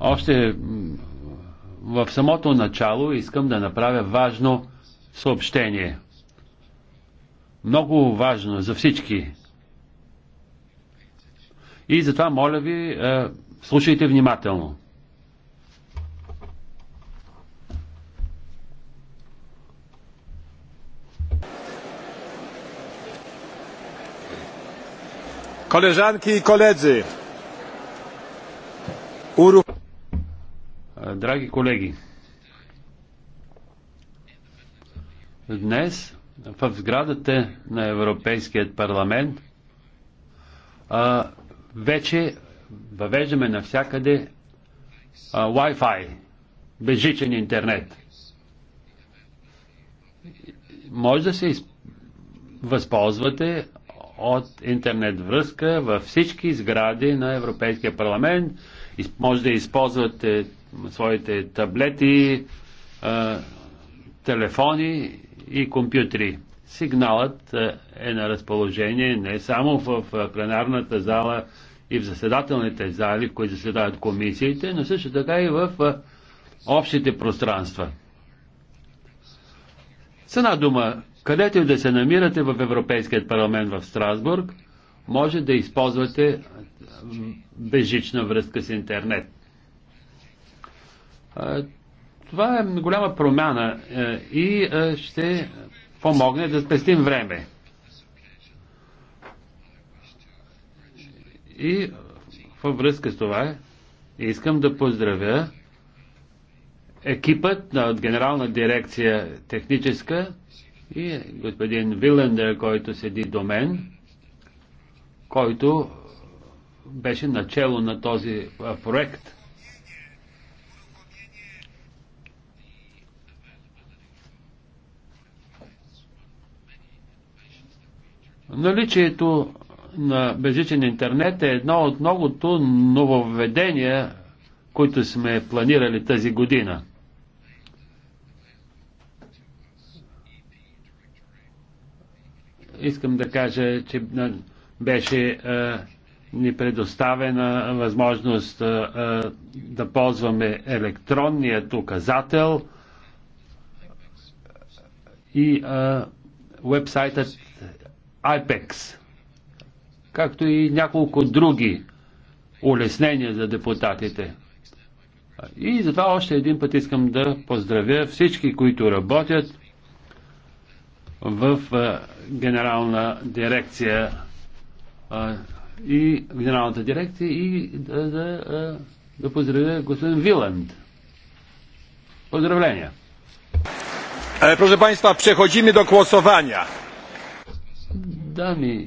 Още в самото начало искам да направя важно съобщение. Много важно за всички. И затова, моля ви, е, слушайте внимателно. Колежанки и коледзи, uruch... Драги колеги, днес в сградата на Европейският парламент а, вече въвеждаме навсякъде а, Wi-Fi, безжичен интернет. Може да се възползвате от интернет връзка във всички сгради на Европейския парламент. Може да използвате своите таблети, телефони и компютри. Сигналът е на разположение не само в пленарната зала и в заседателните зали, в които заседават комисиите, но също така и в общите пространства. С една дума, където и да се намирате в Европейският парламент в Страсбург, може да използвате безжична връзка с интернет. Това е голяма промяна е, и е, ще помогне да спестим време. И във връзка с това искам да поздравя екипът на Генерална дирекция техническа и господин Вилендер, който седи до мен, който беше начало на този проект – Наличието на безжичен интернет е едно от многото нововведения, които сме планирали тази година. Искам да кажа, че беше а, ни предоставена възможност а, а, да ползваме електронният указател и а, вебсайтът IPEX, както и няколко други улеснения за депутатите. И затова още един път искам да поздравя всички, които работят в генерална дирекция и генералната дирекция и да, да, да поздравя господин Виланд. Поздравления! Proszę Państwa, przechodzimy do głosowania данни